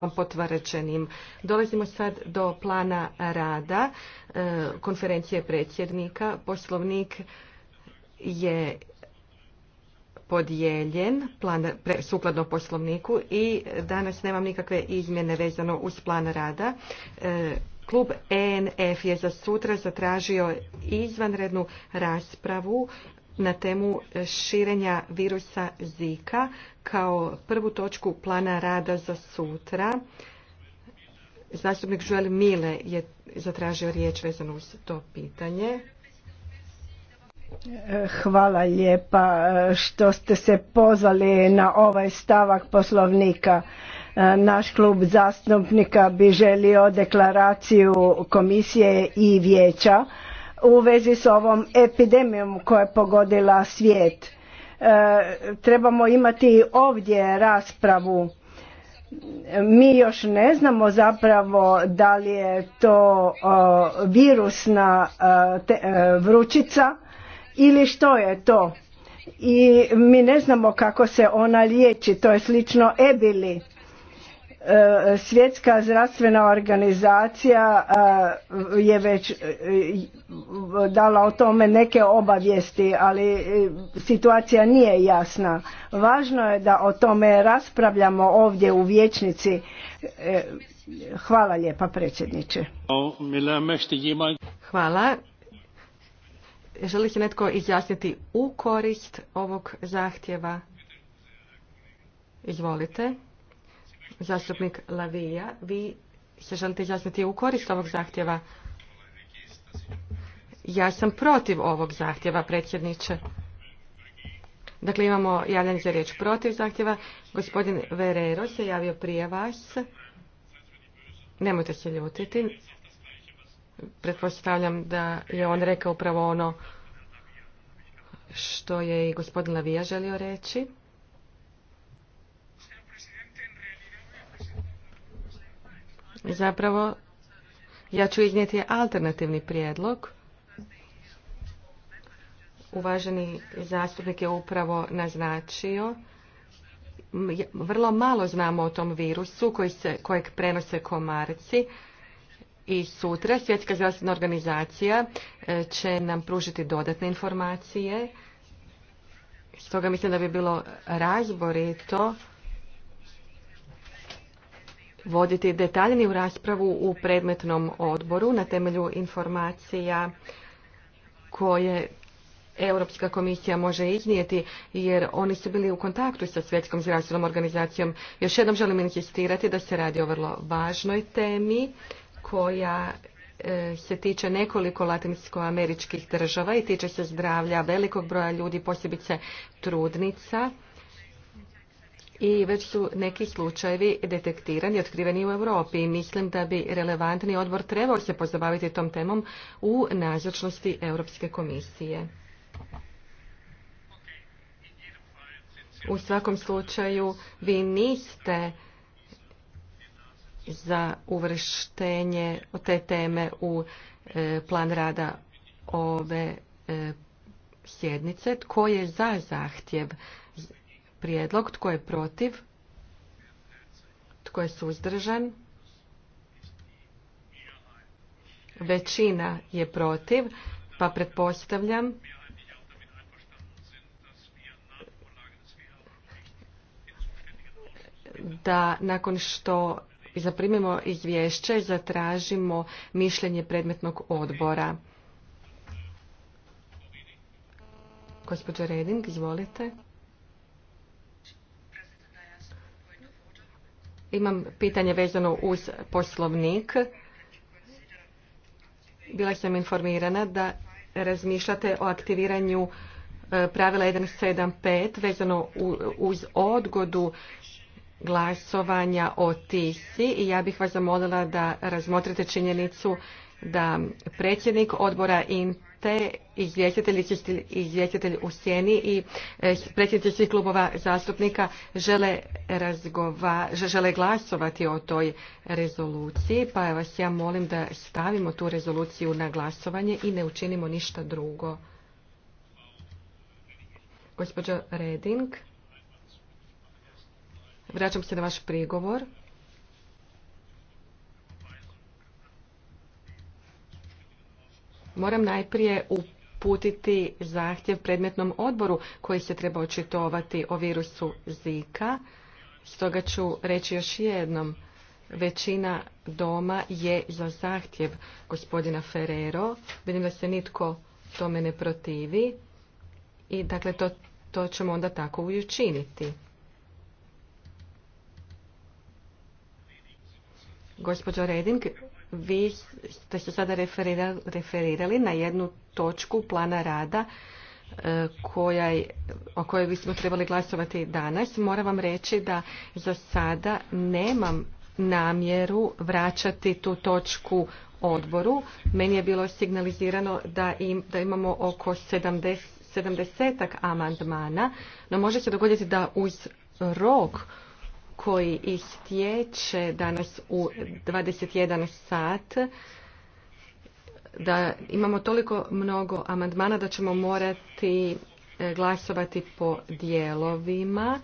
potvrđenim. Dolazimo sad do plana rada e, konferencije predsjednika. Poslovnik je podijeljen sukladno poslovniku i danas nemam nikakve izmjene vezano uz plan rada. E, klub ENF je za sutra zatražio izvanrednu raspravu na temu e, širenja virusa Zika kao prvu točku plana rada za sutra. Zastupnik Joel Mile je zatražio riječ vezano uz to pitanje. E, hvala lijepa e, što ste se pozvali na ovaj stavak poslovnika. Naš klub zastupnika bi želio deklaraciju komisije i vijeća u vezi s ovom epidemijom koja je pogodila svijet. E, trebamo imati ovdje raspravu. Mi još ne znamo zapravo da li je to virusna e, e, vrućica ili što je to i mi ne znamo kako se ona liječi, to je slično ebili E, svjetska zdravstvena organizacija e, je već e, dala o tome neke obavijesti, ali situacija nije jasna. Važno je da o tome raspravljamo ovdje u vijećnici. Hvala lijepa predsjedniče. Hvala. Želi se netko izjasniti u korist ovog zahtjeva? Izvolite. Zastupnik Lavija, vi se želite izjasniti u korist ovog zahtjeva? Ja sam protiv ovog zahtjeva, predsjedniče. Dakle, imamo javljanje za riječ protiv zahtjeva. Gospodin Verero se javio prije vas. Nemojte se ljutiti. Pretpostavljam da je on rekao upravo ono što je i gospodin Lavija želio reći. Zapravo, ja ću iznijeti alternativni prijedlog. Uvaženi zastupnik je upravo naznačio. Vrlo malo znamo o tom virusu koji se, kojeg prenose komarci i sutra Svjetska zdravstvena organizacija e, će nam pružiti dodatne informacije. Stoga mislim da bi bilo razborito voditi detaljniju raspravu u predmetnom odboru na temelju informacija koje Europska komisija može iznijeti jer oni su bili u kontaktu sa Svjetskom zdravstvenom organizacijom. Još jednom želim insistirati da se radi o vrlo važnoj temi koja e, se tiče nekoliko latinskoameričkih država i tiče se zdravlja velikog broja ljudi, posebice trudnica i već su neki slučajevi detektirani i otkriveni u Europi. Mislim da bi relevantni odbor trebao se pozabaviti tom temom u nazočnosti Europske komisije. U svakom slučaju vi niste za uvrštenje te teme u e, plan rada ove e, sjednice. Tko je za zahtjev prijedlog. Tko je protiv? Tko je suzdržan? Većina je protiv, pa pretpostavljam da nakon što zaprimimo izvješće zatražimo mišljenje predmetnog odbora. Gospođo Reding, izvolite. Imam pitanje vezano uz poslovnik. Bila sam informirana da razmišljate o aktiviranju e, pravila 175 vezano uz odgodu glasovanja o TISI i ja bih vas zamolila da razmotrite činjenicu da predsjednik odbora INTE, izvjestitelj, izvjestitelj u sjeni i eh, predsjednici svih klubova zastupnika žele, žele glasovati o toj rezoluciji, pa vas ja molim da stavimo tu rezoluciju na glasovanje i ne učinimo ništa drugo. Gospođo Reding, vraćam se na vaš prigovor. Moram najprije uputiti zahtjev predmetnom odboru koji se treba očitovati o virusu Zika. Stoga ću reći još jednom. Većina doma je za zahtjev gospodina Ferrero. Vidim da se nitko tome ne protivi. I dakle, to, to ćemo onda tako učiniti. Gospođo Reding, vi ste se sada referirali na jednu točku plana rada e, koja, o kojoj bismo trebali glasovati danas. Moram vam reći da za sada nemam namjeru vraćati tu točku odboru. Meni je bilo signalizirano da, im, da imamo oko 70, 70 amandmana, no može se dogoditi da uz rok koji istječe danas u 21 sat da imamo toliko mnogo amandmana da ćemo morati e, glasovati po dijelovima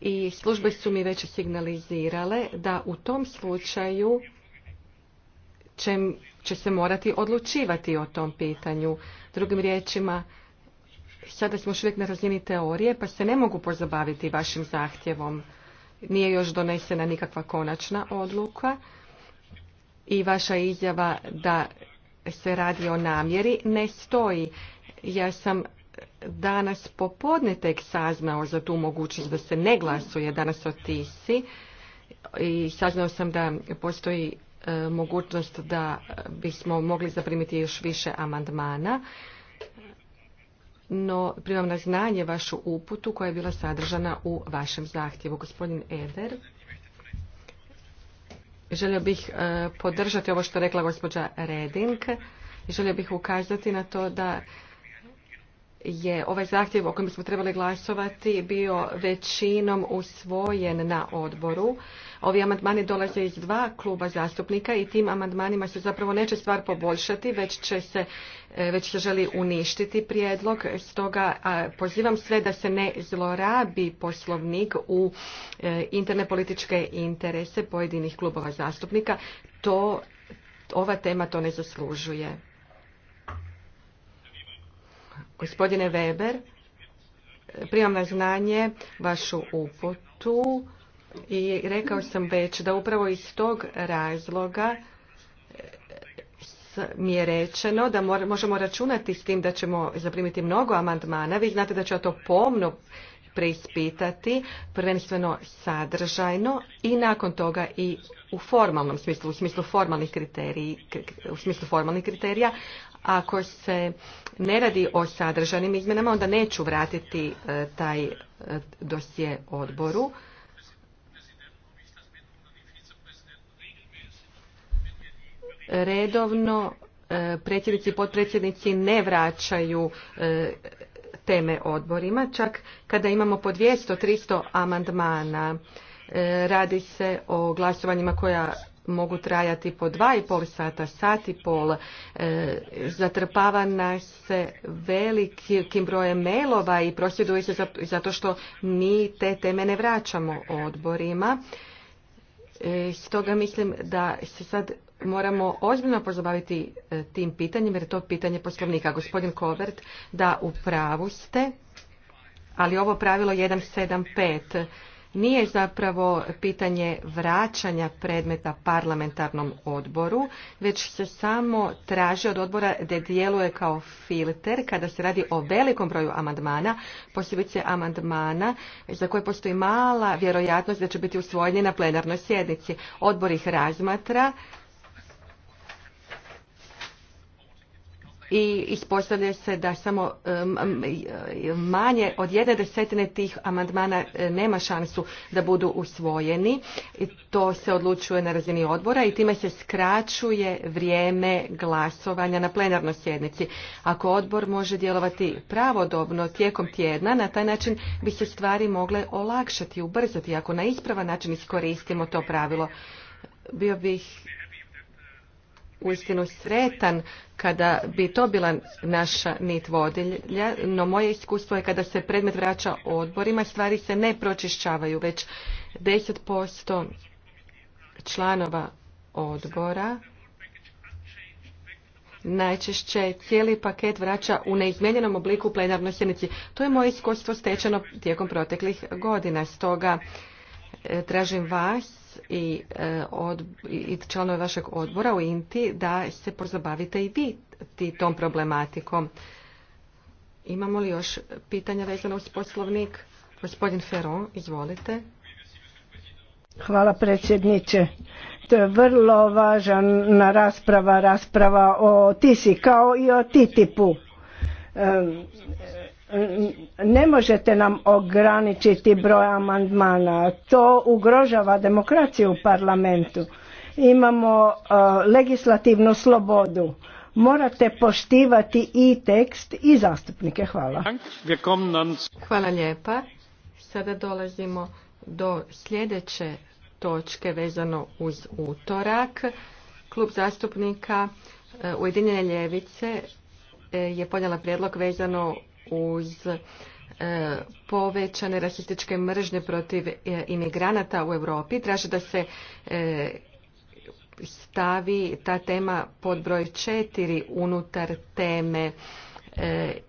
i službe su mi već signalizirale da u tom slučaju će, će se morati odlučivati o tom pitanju. Drugim riječima, sada smo još uvijek na razini teorije pa se ne mogu pozabaviti vašim zahtjevom nije još donesena nikakva konačna odluka i vaša izjava da se radi o namjeri ne stoji. Ja sam danas popodne tek saznao za tu mogućnost da se ne glasuje danas o Tisi i saznao sam da postoji e, mogućnost da bismo mogli zaprimiti još više amandmana no primam na znanje vašu uputu koja je bila sadržana u vašem zahtjevu. Gospodin Eder, želio bih e, podržati ovo što rekla gospođa Reding i želio bih ukazati na to da je ovaj zahtjev o kojem smo trebali glasovati bio većinom usvojen na odboru. Ovi amandmani dolaze iz dva kluba zastupnika i tim amandmanima se zapravo neće stvar poboljšati, već će se e, već se želi uništiti prijedlog. Stoga pozivam sve da se ne zlorabi poslovnik u e, interne političke interese pojedinih klubova zastupnika. To, ova tema to ne zaslužuje. Gospodine Weber, primam na znanje vašu uputu i rekao sam već da upravo iz tog razloga mi je rečeno da možemo računati s tim da ćemo zaprimiti mnogo amandmana. Vi znate da ću ja to pomno preispitati, prvenstveno sadržajno i nakon toga i u formalnom smislu, u smislu formalnih, u smislu formalnih kriterija. Ako se ne radi o sadržajnim izmjenama, onda neću vratiti e, taj e, dosje odboru. Redovno e, predsjednici i potpredsjednici ne vraćaju teme odborima, čak kada imamo po 200-300 amandmana. E, radi se o glasovanjima koja mogu trajati po dva i pol sata, sat i pol. E, zatrpava nas se velikim brojem mailova i prosvjeduje se zato što mi te teme ne vraćamo odborima. E, stoga mislim da se sad moramo ozbiljno pozabaviti e, tim pitanjem jer je to pitanje poslovnika. Gospodin Kovert, da u pravu ste, ali ovo pravilo 175 nije zapravo pitanje vraćanja predmeta parlamentarnom odboru, već se samo traži od odbora da djeluje kao filter kada se radi o velikom broju amandmana, posebice amandmana za koje postoji mala vjerojatnost da će biti usvojeni na plenarnoj sjednici. Odbor ih razmatra i ispostavlja se da samo manje od jedne desetine tih amandmana e, nema šansu da budu usvojeni. I to se odlučuje na razini odbora i time se skraćuje vrijeme glasovanja na plenarnoj sjednici. Ako odbor može djelovati pravodobno tijekom tjedna, na taj način bi se stvari mogle olakšati, ubrzati. Ako na ispravan način iskoristimo to pravilo, bio bih uistinu sretan kada bi to bila naša nit vodilja, no moje iskustvo je kada se predmet vraća odborima, stvari se ne pročišćavaju, već 10% članova odbora najčešće cijeli paket vraća u neizmijenjenom obliku plenarnoj sjednici. To je moje iskustvo stečeno tijekom proteklih godina, stoga E, tražim vas i, e, od, članove vašeg odbora u Inti da se pozabavite i vi ti, tom problematikom. Imamo li još pitanja vezano uz poslovnik? Gospodin Feron, izvolite. Hvala predsjedniče. To je vrlo važna rasprava, rasprava o TISI kao i o Titipu. E, ne možete nam ograničiti broj amandmana. To ugrožava demokraciju u parlamentu. Imamo e, legislativnu slobodu. Morate poštivati i tekst i zastupnike. Hvala. Hvala lijepa. Sada dolazimo do sljedeće točke vezano uz utorak. Klub zastupnika e, Ujedinjene ljevice e, je podnijela prijedlog vezano uz e, povećane rasističke mržnje protiv e, imigranata u Europi. Traže da se e, stavi ta tema pod broj četiri unutar teme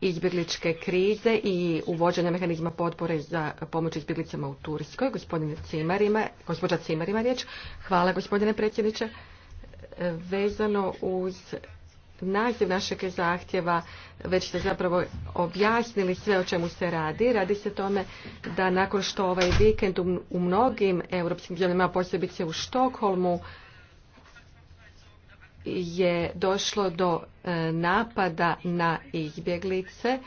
izbjegličke krize i uvođenja mehanizma potpore za pomoć izbjeglicama u Turskoj. Gospodine Cimarima, gospođa Cimarima riječ. Hvala gospodine predsjedniče. Vezano uz naziv našeg zahtjeva, već ste zapravo objasnili sve o čemu se radi. Radi se tome da nakon što ovaj vikend u mnogim europskim zemljama, posebice u Štokholmu, je došlo do e, napada na izbjeglice,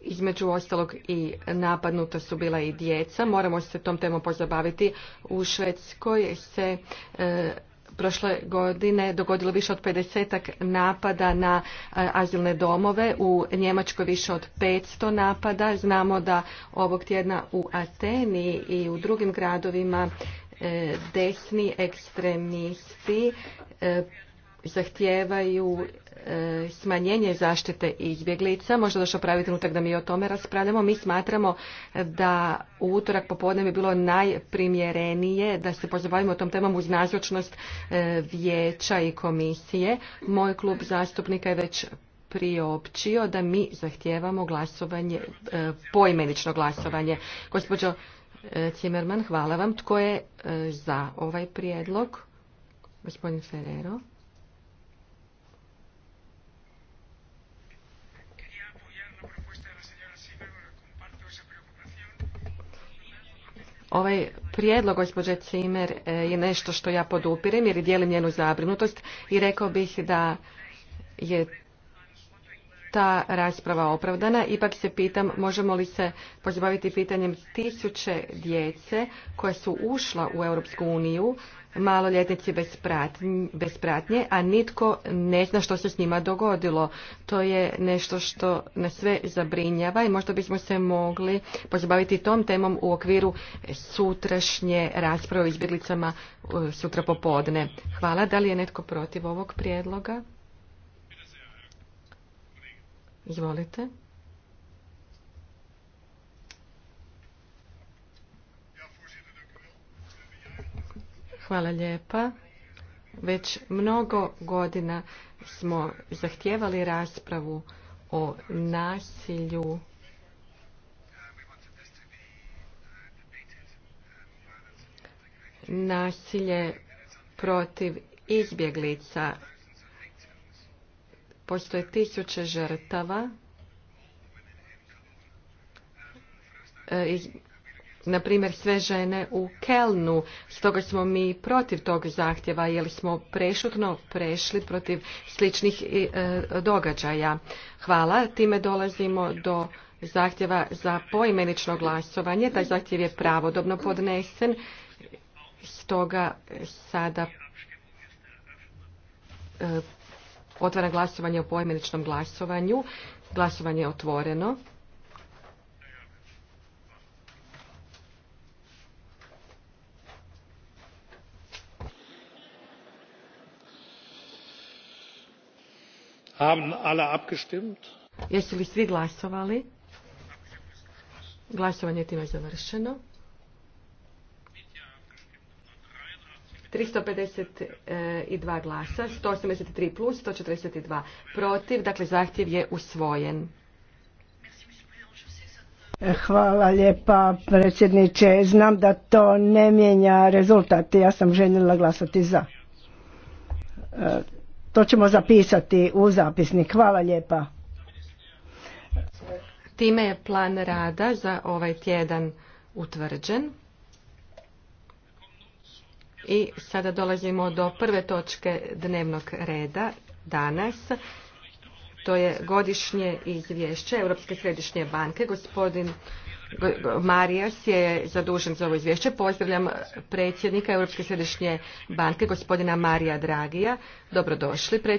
između ostalog i napadnuta su bila i djeca. Moramo se tom temom pozabaviti. U Švedskoj se e, prošle godine dogodilo više od 50 napada na e, azilne domove, u Njemačkoj više od 500 napada. Znamo da ovog tjedna u Ateni i u drugim gradovima e, desni ekstremisti e, zahtijevaju E, smanjenje zaštite izbjeglica. Možda došlo pravi trenutak da mi o tome raspravljamo. Mi smatramo da u utorak popodne bi bilo najprimjerenije da se pozabavimo tom temom uz nazočnost e, vijeća i komisije. Moj klub zastupnika je već priopćio da mi zahtijevamo glasovanje, e, poimenično glasovanje. Gospođo Cimerman, hvala vam. Tko je za ovaj prijedlog? Gospodin Ferrero. Ovaj prijedlog gospođe Cimer e, je nešto što ja podupirem jer dijelim njenu zabrinutost i rekao bih da je ta rasprava opravdana. Ipak se pitam možemo li se pozabaviti pitanjem tisuće djece koja su ušla u Europsku uniju maloljetnici bez pratnje, bez pratnje, a nitko ne zna što se s njima dogodilo. To je nešto što nas sve zabrinjava i možda bismo se mogli pozabaviti tom temom u okviru sutrašnje rasprave o izbjeglicama sutra popodne. Hvala. Da li je netko protiv ovog prijedloga? Izvolite. Hvala lijepa. Već mnogo godina smo zahtijevali raspravu o nasilju nasilje protiv izbjeglica. Postoje tisuće žrtava. E, na primjer sve žene u Kelnu. Stoga smo mi protiv tog zahtjeva jer smo prešutno prešli protiv sličnih e, događaja. Hvala, time dolazimo do zahtjeva za poimenično glasovanje. Taj zahtjev je pravodobno podnesen. Stoga sada e, otvara glasovanje o poimeničnom glasovanju. Glasovanje je otvoreno. Jesu li svi glasovali? Glasovanje je time završeno. 352 glasa, 183 plus, 142 protiv, dakle zahtjev je usvojen. Hvala lijepa predsjedniče. Znam da to ne mijenja rezultat. Ja sam željela glasati za. E, to ćemo zapisati u zapisnik. Hvala lijepa. Time je plan rada za ovaj tjedan utvrđen. I sada dolazimo do prve točke dnevnog reda danas. To je godišnje izvješće Europske središnje banke. Gospodin Marijas je zadužen za ovo izvješće. Pozdravljam predsjednika Europske središnje banke, gospodina Marija Dragija. Dobrodošli.